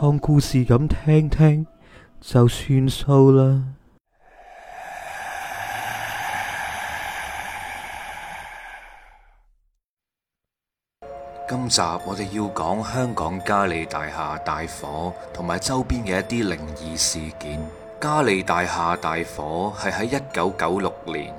當故事咁聽聽就算數啦。今集我哋要講香港嘉利大廈大火同埋周邊嘅一啲靈異事件。嘉利大廈大火係喺一九九六年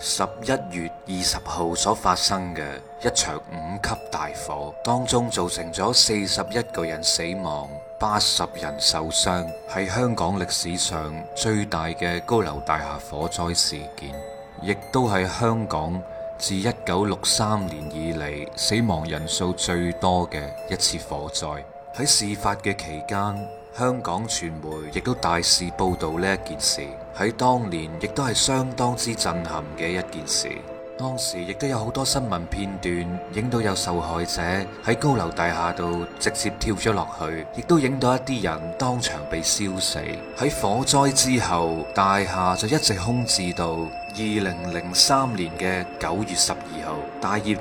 十一月二十號所發生嘅一場五級大火，當中造成咗四十一個人死亡。八十人受傷，係香港歷史上最大嘅高樓大廈火災事件，亦都係香港自一九六三年以嚟，死亡人數最多嘅一次火災。喺事發嘅期間，香港傳媒亦都大肆報道呢一件事，喺當年亦都係相當之震撼嘅一件事。當時亦都有好多新聞片段，影到有受害者喺高樓大廈度直接跳咗落去，亦都影到一啲人當場被燒死。喺火災之後，大廈就一直空置到二零零三年嘅九月十二號，大業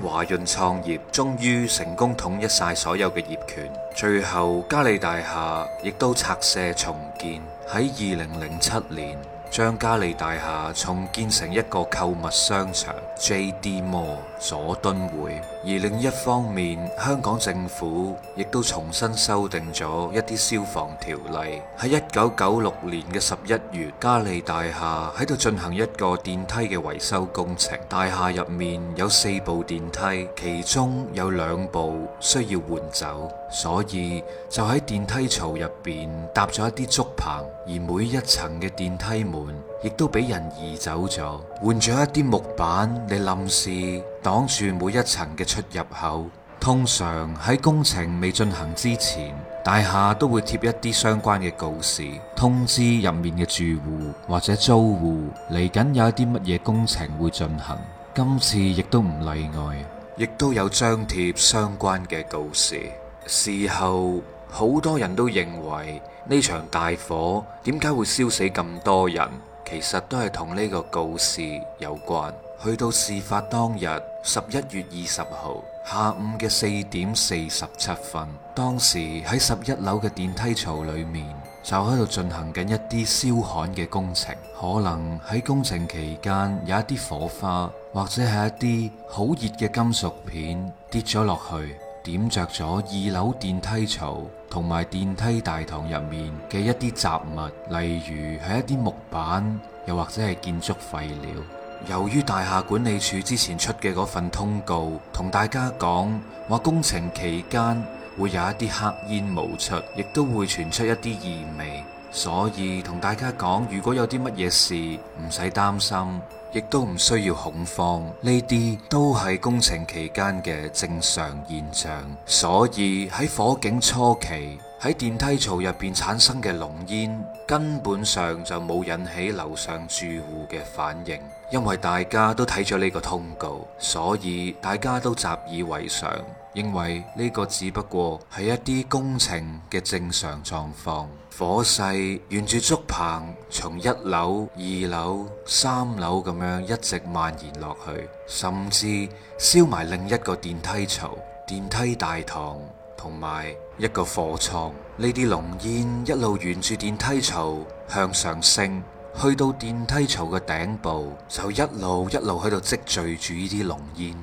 主華潤創業終於成功統一晒所有嘅業權，最後嘉利大廈亦都拆卸重建喺二零零七年。將嘉利大廈重建成一個購物商場 JD Mall 佐敦薈。而另一方面，香港政府亦都重新修訂咗一啲消防條例。喺一九九六年嘅十一月，嘉利大廈喺度進行一個電梯嘅維修工程。大廈入面有四部電梯，其中有兩部需要換走，所以就喺電梯槽入邊搭咗一啲竹棚，而每一層嘅電梯門亦都俾人移走咗，換咗一啲木板你臨時。擋住每一層嘅出入口，通常喺工程未進行之前，大廈都會貼一啲相關嘅告示，通知入面嘅住戶或者租戶，嚟緊有一啲乜嘢工程會進行。今次亦都唔例外，亦都有張貼相關嘅告示。事後，好多人都認為呢場大火點解會燒死咁多人，其實都係同呢個告示有關。去到事發當日十一月二十號下午嘅四點四十七分，當時喺十一樓嘅電梯槽裏面就喺度進行緊一啲燒焊嘅工程，可能喺工程期間有一啲火花或者係一啲好熱嘅金屬片跌咗落去，點着咗二樓電梯槽同埋電梯大堂入面嘅一啲雜物，例如係一啲木板又或者係建築廢料。由於大廈管理處之前出嘅嗰份通告，同大家講話工程期間會有一啲黑煙冒出，亦都會傳出一啲異味，所以同大家講，如果有啲乜嘢事，唔使擔心，亦都唔需要恐慌。呢啲都係工程期間嘅正常現象。所以喺火警初期，喺電梯槽入邊產生嘅濃煙根本上就冇引起樓上住戶嘅反應。因為大家都睇咗呢個通告，所以大家都習以為常，認為呢個只不過係一啲工程嘅正常狀況。火勢沿住竹棚，從一樓、二樓、三樓咁樣一直蔓延落去，甚至燒埋另一個電梯槽、電梯大堂同埋一個貨倉。呢啲濃煙一路沿住電梯槽向上升。去到電梯槽嘅頂部，就一路一路喺度積聚住呢啲濃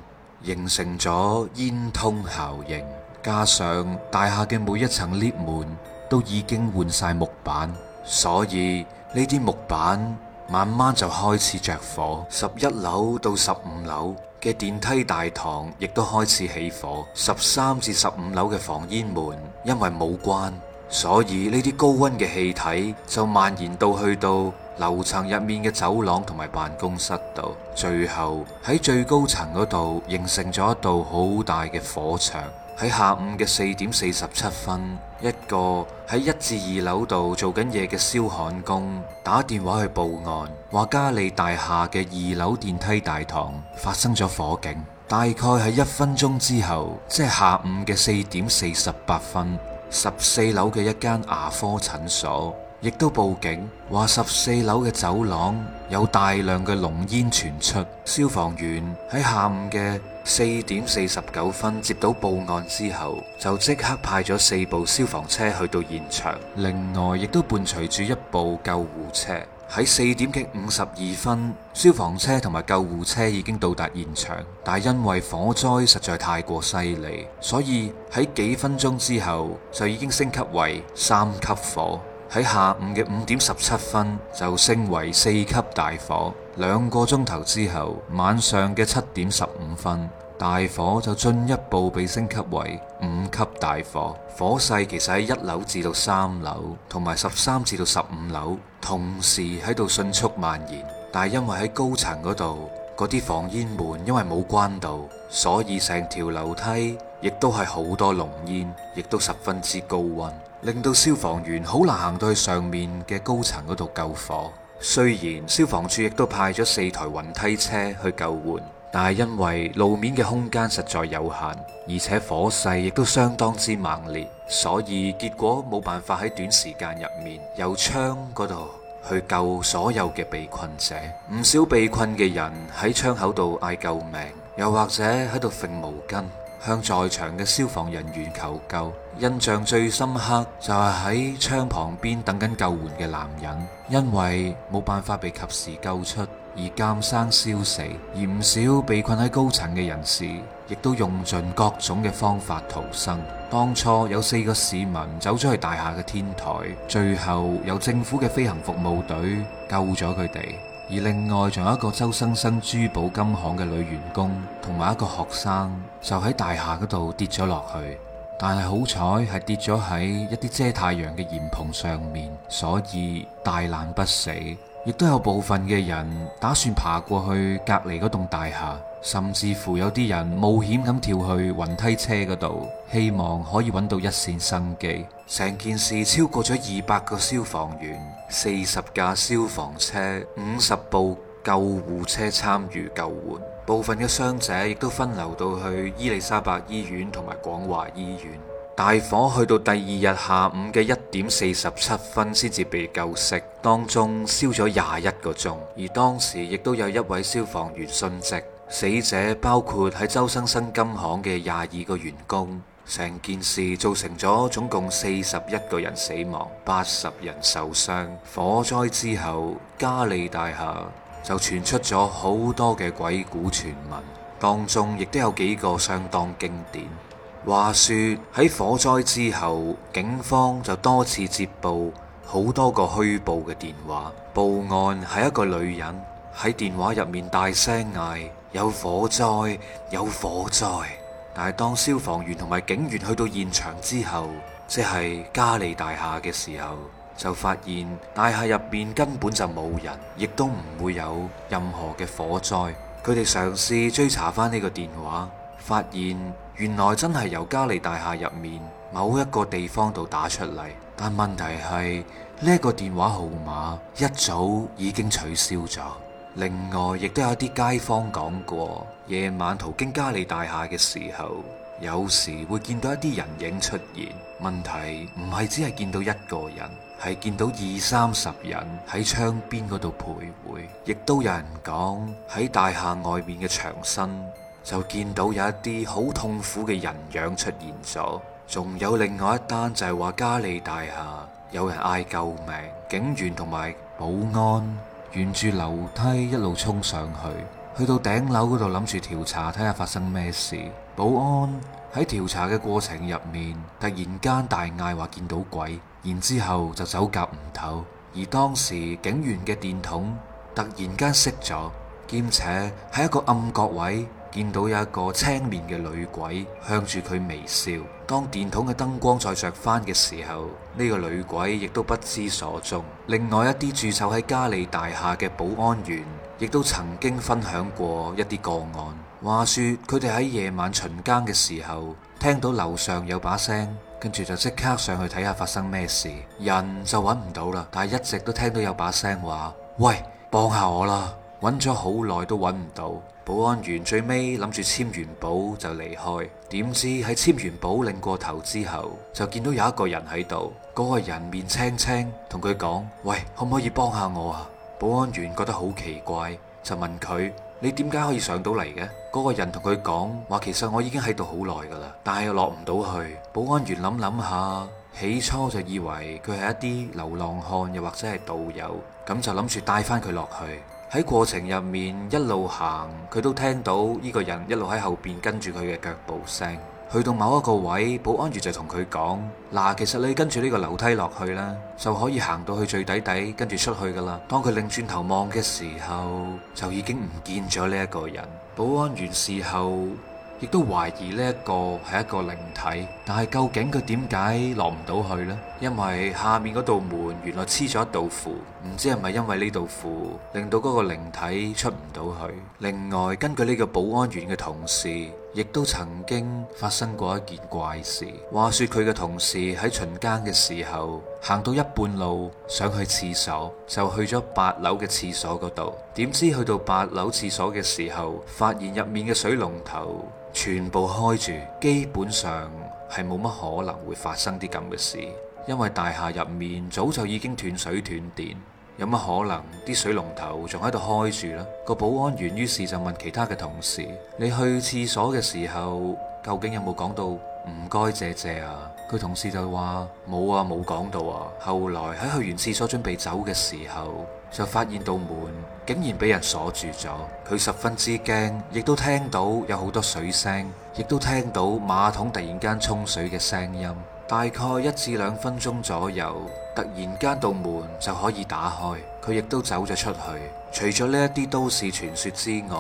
煙，形成咗煙通效應。加上大廈嘅每一層 lift 門都已經換晒木板，所以呢啲木板慢慢就開始着火。十一樓到十五樓嘅電梯大堂亦都開始起火。十三至十五樓嘅防煙門因為冇關，所以呢啲高溫嘅氣體就蔓延到去到。樓層入面嘅走廊同埋辦公室度，最後喺最高層嗰度形成咗一道好大嘅火牆。喺下午嘅四點四十七分，一個喺一至二樓度做緊嘢嘅燒焊工打電話去報案，話嘉利大廈嘅二樓電梯大堂發生咗火警。大概係一分鐘之後，即係下午嘅四點四十八分，十四樓嘅一間牙科診所。亦都報警，話十四樓嘅走廊有大量嘅濃煙傳出。消防員喺下午嘅四點四十九分接到報案之後，就即刻派咗四部消防車去到現場，另外亦都伴隨住一部救護車。喺四點嘅五十二分，消防車同埋救護車已經到達現場，但係因為火災實在太過犀利，所以喺幾分鐘之後就已經升級為三級火。喺下午嘅五點十七分就升為四級大火，兩個鐘頭之後，晚上嘅七點十五分，大火就進一步被升級為五級大火。火勢其實喺一樓至到三樓同埋十三至到十五樓同時喺度迅速蔓延，但係因為喺高層嗰度嗰啲防煙門因為冇關到，所以成條樓梯亦都係好多濃煙，亦都十分之高溫。令到消防員好難行到去上面嘅高層嗰度救火。雖然消防處亦都派咗四台雲梯車去救援，但係因為路面嘅空間實在有限，而且火勢亦都相當之猛烈，所以結果冇辦法喺短時間入面由窗嗰度去救所有嘅被困者。唔少被困嘅人喺窗口度嗌救命，又或者喺度揈毛巾，向在場嘅消防人員求救。印象最深刻就係喺窗旁邊等緊救援嘅男人，因為冇辦法被及時救出而監生燒死，而唔少被困喺高層嘅人士，亦都用盡各種嘅方法逃生。當初有四個市民走咗去大廈嘅天台，最後由政府嘅飛行服務隊救咗佢哋。而另外仲有一個周生生珠寶金行嘅女員工同埋一個學生，就喺大廈嗰度跌咗落去。但係好彩係跌咗喺一啲遮太陽嘅簷篷上面，所以大難不死。亦都有部分嘅人打算爬過去隔籬嗰棟大廈，甚至乎有啲人冒險咁跳去雲梯車嗰度，希望可以揾到一綫生機。成件事超過咗二百個消防員、四十架消防車、五十部救護車參與救援。部分嘅傷者亦都分流到去伊麗莎白醫院同埋廣華醫院。大火去到第二日下午嘅一點四十七分先至被救熄，當中燒咗廿一個鐘。而當時亦都有一位消防員殉職，死者包括喺周生生金行嘅廿二個員工。成件事造成咗總共四十一個人死亡，八十人受傷。火災之後，嘉利大廈就傳出咗好多嘅鬼故傳聞，當中亦都有幾個相當經典。話說喺火災之後，警方就多次接報好多個虛報嘅電話報案，係一個女人喺電話入面大聲嗌，有火災，有火災。但係當消防員同埋警員去到現場之後，即係嘉利大廈嘅時候。就發現大廈入邊根本就冇人，亦都唔會有任何嘅火災。佢哋嘗試追查翻呢個電話，發現原來真係由嘉利大廈入面某一個地方度打出嚟。但問題係呢個電話號碼一早已經取消咗。另外，亦都有啲街坊講過，夜晚途經嘉利大廈嘅時候，有時會見到一啲人影出現。問題唔係只係見到一個人。係見到二三十人喺窗邊嗰度徘徊，亦都有人講，喺大廈外面嘅牆身就見到有一啲好痛苦嘅人樣出現咗。仲有另外一單就係話嘉利大廈有人嗌救命，警員同埋保安沿住樓梯一路衝上去，去到頂樓嗰度諗住調查睇下發生咩事。保安喺調查嘅過程入面突然間大嗌話見到鬼。然之後就走夾唔唞，而當時警員嘅電筒突然間熄咗，兼且喺一個暗角位見到有一個青面嘅女鬼向住佢微笑。當電筒嘅燈光再着翻嘅時候，呢、這個女鬼亦都不知所蹤。另外一啲駐守喺嘉利大廈嘅保安員，亦都曾經分享過一啲個案。話説佢哋喺夜晚巡更嘅時候，聽到樓上有把聲。跟住就即刻上去睇下發生咩事，人就揾唔到啦。但係一直都聽到有把聲話：，喂，幫下我啦！揾咗好耐都揾唔到。保安員最尾諗住簽完保就離開，點知喺簽完保擰過頭之後，就見到有一個人喺度，嗰個人面青青，同佢講：，喂，可唔可以幫下我啊？保安員覺得好奇怪，就問佢。你點解可以上到嚟嘅？嗰個人同佢講話，其實我已經喺度好耐㗎啦，但係又落唔到去。保安員諗諗下，起初就以為佢係一啲流浪漢，又或者係道友，咁就諗住帶返佢落去。喺過程入面一路行，佢都聽到呢個人一路喺後邊跟住佢嘅腳步聲。去到某一個位，保安員就同佢講：嗱、啊，其實你跟住呢個樓梯落去啦，就可以行到去最底底，跟住出去噶啦。當佢擰轉頭望嘅時候，就已經唔見咗呢一個人。保安員事後亦都懷疑呢一個係一個靈體，但係究竟佢點解落唔到去呢？因為下面嗰道門原來黐咗一道符，唔知係咪因為呢道符令到嗰個靈體出唔到去。另外，根據呢個保安員嘅同事。亦都曾經發生過一件怪事。話說佢嘅同事喺巡更嘅時候行到一半路，想去廁所就去咗八樓嘅廁所嗰度。點知去到八樓廁所嘅時候，發現入面嘅水龍頭全部開住，基本上係冇乜可能會發生啲咁嘅事，因為大廈入面早就已經斷水斷電。有乜可能？啲水龍頭仲喺度開住呢？個保安員於是就問其他嘅同事：你去廁所嘅時候，究竟有冇講到唔該謝謝姐姐啊？佢同事就話：冇啊，冇講到啊！後來喺去完廁所準備走嘅時候，就發現到門竟然俾人鎖住咗。佢十分之驚，亦都聽到有好多水聲，亦都聽到馬桶突然間沖水嘅聲音。大概一至兩分鐘左右。突然間，道門就可以打開，佢亦都走咗出去。除咗呢一啲都市傳說之外，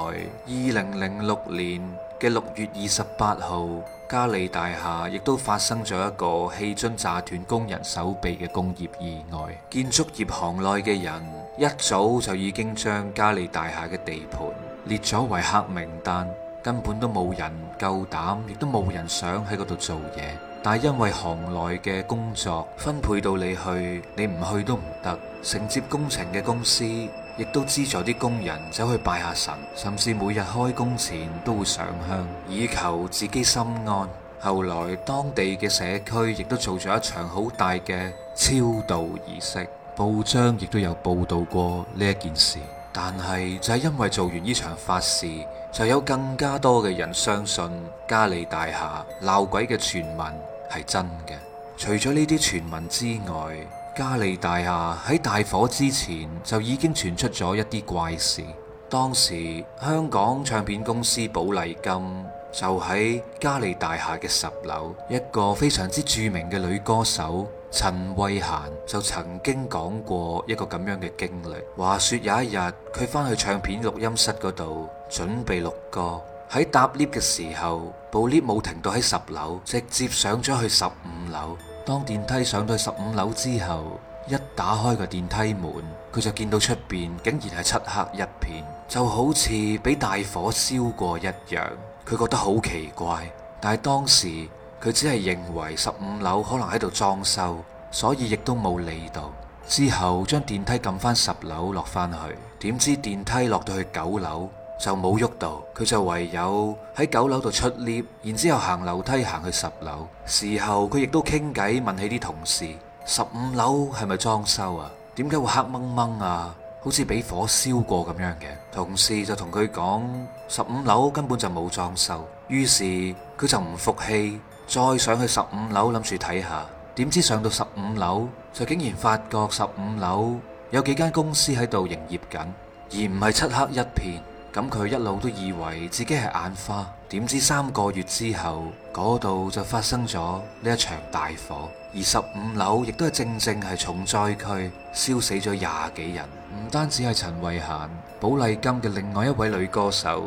二零零六年嘅六月二十八號，嘉利大廈亦都發生咗一個氣樽炸斷工人手臂嘅工業意外。建築業行內嘅人一早就已經將嘉利大廈嘅地盤列咗為黑名單。根本都冇人夠膽，亦都冇人想喺嗰度做嘢。但係因為行內嘅工作分配到你去，你唔去都唔得。承接工程嘅公司亦都資助啲工人走去拜下神，甚至每日開工前都會上香，以求自己心安。後來當地嘅社區亦都做咗一場好大嘅超度儀式，報章亦都有報導過呢一件事。但係就係因為做完呢場法事，就有更加多嘅人相信嘉利大廈鬧鬼嘅傳聞係真嘅。除咗呢啲傳聞之外，嘉利大廈喺大火之前就已經傳出咗一啲怪事。當時香港唱片公司寶麗金就喺嘉利大廈嘅十樓，一個非常之著名嘅女歌手。陳慧嫻就曾經講過一個咁樣嘅經歷，話說有一日佢返去唱片錄音室嗰度準備錄歌，喺搭 lift 嘅時候，部 lift 冇停到喺十樓，直接上咗去十五樓。當電梯上到去十五樓之後，一打開個電梯門，佢就見到出邊竟然係漆黑一片，就好似俾大火燒過一樣。佢覺得好奇怪，但係當時。佢只係認為十五樓可能喺度裝修，所以亦都冇嚟到。之後將電梯撳翻十樓落翻去，點知電梯落到去九樓就冇喐到，佢就唯有喺九樓度出 lift，然之後行樓梯行去十樓。事後佢亦都傾偈問起啲同事：十五樓係咪裝修啊？點解會黑掹掹啊？好似俾火燒過咁樣嘅？同事就同佢講：十五樓根本就冇裝修。於是佢就唔服氣。再上去十五樓諗住睇下，點知上到十五樓就竟然發覺十五樓有幾間公司喺度營業緊，而唔係漆黑一片。咁佢一路都以為自己係眼花，點知三個月之後嗰度就發生咗呢一場大火，而十五樓亦都係正正係重災區，燒死咗廿幾人。唔單止係陳慧嫻、寶麗金嘅另外一位女歌手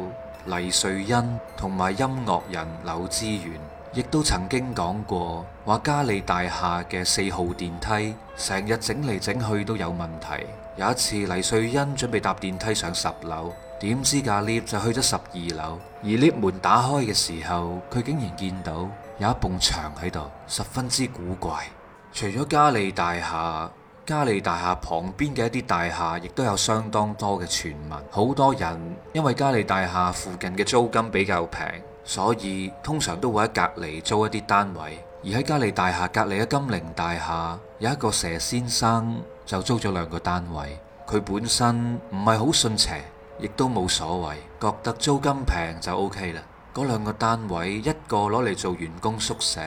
黎瑞恩，同埋音樂人柳之源。亦都曾經講過，話嘉利大廈嘅四號電梯成日整嚟整去都有問題。有一次黎瑞恩準備搭電梯上十樓，點知架 lift 就去咗十二樓，而 lift 門打開嘅時候，佢竟然見到有一埲牆喺度，十分之古怪。除咗嘉利大廈，嘉利大廈旁邊嘅一啲大廈，亦都有相當多嘅傳聞。好多人因為嘉利大廈附近嘅租金比較平。所以通常都會喺隔離租一啲單位，而喺嘉利大廈隔離嘅金陵大廈有一個蛇先生就租咗兩個單位。佢本身唔係好信邪，亦都冇所謂，覺得租金平就 OK 啦。嗰兩個單位一個攞嚟做員工宿舍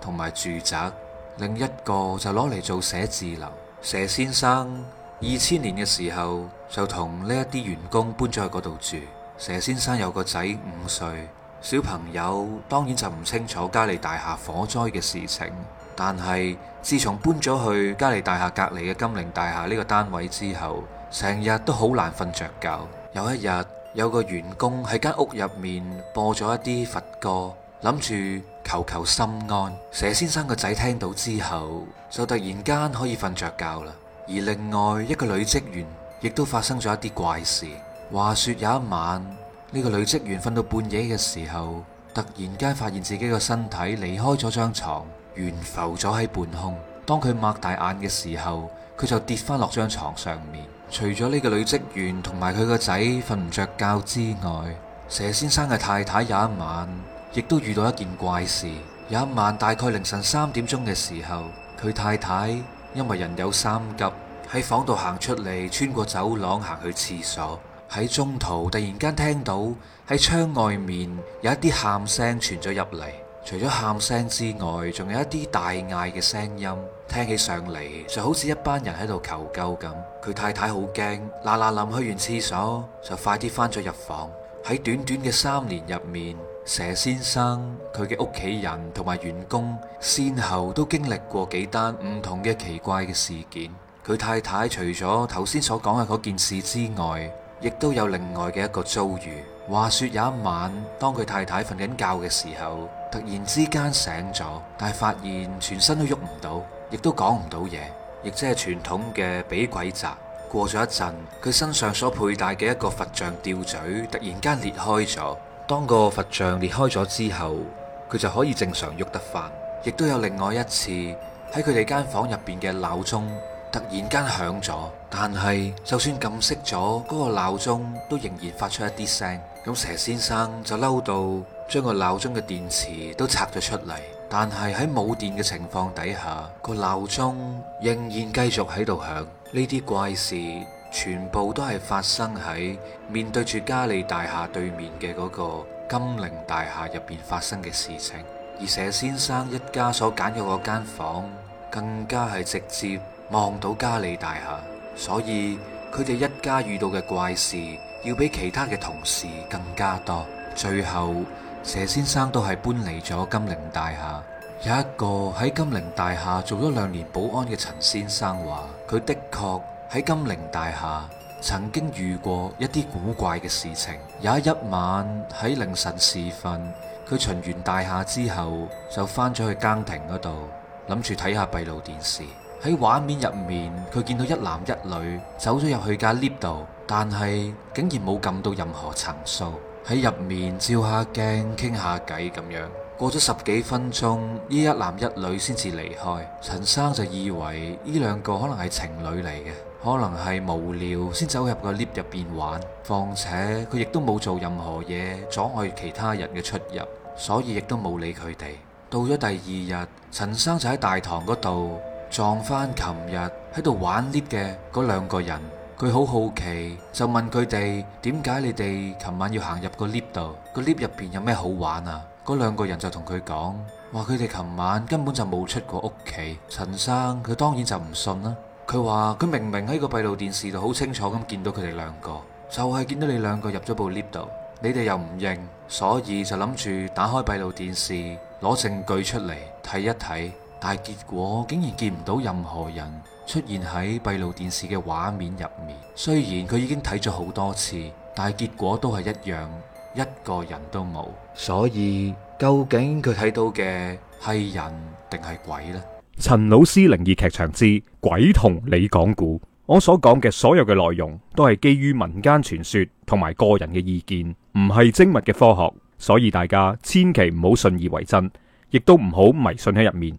同埋住宅，另一個就攞嚟做寫字樓。蛇先生二千年嘅時候就同呢一啲員工搬咗去嗰度住。蛇先生有個仔五歲。小朋友當然就唔清楚嘉利大廈火災嘅事情，但係自從搬咗去嘉利大廈隔離嘅金陵大廈呢個單位之後，成日都好難瞓着覺。有一日，有個員工喺間屋入面播咗一啲佛歌，諗住求求心安。佘先生個仔聽到之後，就突然間可以瞓着覺啦。而另外一個女職員亦都發生咗一啲怪事。話說有一晚。呢個女職員瞓到半夜嘅時候，突然間發現自己個身體離開咗張床，懸浮咗喺半空。當佢擘大眼嘅時候，佢就跌翻落張床上面。除咗呢個女職員同埋佢個仔瞓唔着覺之外，佘先生嘅太太有一晚亦都遇到一件怪事。有一晚大概凌晨三點鐘嘅時候，佢太太因為人有三急，喺房度行出嚟，穿過走廊行去廁所。喺中途突然間聽到喺窗外面有一啲喊聲傳咗入嚟，除咗喊聲之外，仲有一啲大嗌嘅聲音，聽起上嚟就好似一班人喺度求救咁。佢太太好驚，嗱嗱淋去完廁所就快啲翻咗入房。喺短短嘅三年入面，佘先生佢嘅屋企人同埋員工先後都經歷過幾單唔同嘅奇怪嘅事件。佢太太除咗頭先所講嘅嗰件事之外，亦都有另外嘅一個遭遇。話說有一晚，當佢太太瞓緊覺嘅時候，突然之間醒咗，但係發現全身都喐唔到，亦都講唔到嘢，亦即係傳統嘅俾鬼責。過咗一陣，佢身上所佩戴嘅一個佛像吊墜突然間裂開咗。當個佛像裂開咗之後，佢就可以正常喐得返。亦都有另外一次喺佢哋間房入邊嘅鬧鐘。突然間響咗，但係就算撳熄咗嗰個鬧鐘，都仍然發出一啲聲。咁蛇先生就嬲到將個鬧鐘嘅電池都拆咗出嚟，但係喺冇電嘅情況底下，個鬧鐘仍然繼續喺度響。呢啲怪事全部都係發生喺面對住嘉利大廈對面嘅嗰個金陵大廈入邊發生嘅事情，而蛇先生一家所揀用個間房更加係直接望到嘉利大廈，所以佢哋一家遇到嘅怪事要比其他嘅同事更加多。最後，佘先生都係搬嚟咗金陵大廈。有一個喺金陵大廈做咗兩年保安嘅陳先生話，佢的確喺金陵大廈曾經遇過一啲古怪嘅事情。有一晚喺凌晨時分，佢巡完大廈之後就翻咗去更亭嗰度，諗住睇下閉路電視。喺畫面入面，佢見到一男一女走咗入去架 lift 度，但係竟然冇撳到任何層數，喺入面照下鏡傾下偈咁樣。過咗十幾分鐘，呢一男一女先至離開。陳生就以為呢兩個可能係情侶嚟嘅，可能係無聊先走入個 lift 入邊玩。況且佢亦都冇做任何嘢阻礙其他人嘅出入，所以亦都冇理佢哋。到咗第二日，陳生就喺大堂嗰度。撞翻琴日喺度玩 lift 嘅嗰兩個人，佢好好奇，就問佢哋點解，你哋琴晚要行入個 lift 度？個 lift 入邊有咩好玩啊？嗰兩個人就同佢講，話佢哋琴晚根本就冇出過屋企。陳生佢當然就唔信啦，佢話佢明明喺個閉路電視度好清楚咁見到佢哋兩個，就係見到你兩個入咗部 lift 度，你哋又唔認，所以就諗住打開閉路電視攞證據出嚟睇一睇。但結果竟然見唔到任何人出現喺閉路電視嘅畫面入面。雖然佢已經睇咗好多次，但係結果都係一樣，一個人都冇。所以究竟佢睇到嘅係人定係鬼呢？陳老師靈異劇場之鬼同你講故，我所講嘅所有嘅內容都係基於民間傳說同埋個人嘅意見，唔係精密嘅科學，所以大家千祈唔好信以為真，亦都唔好迷信喺入面。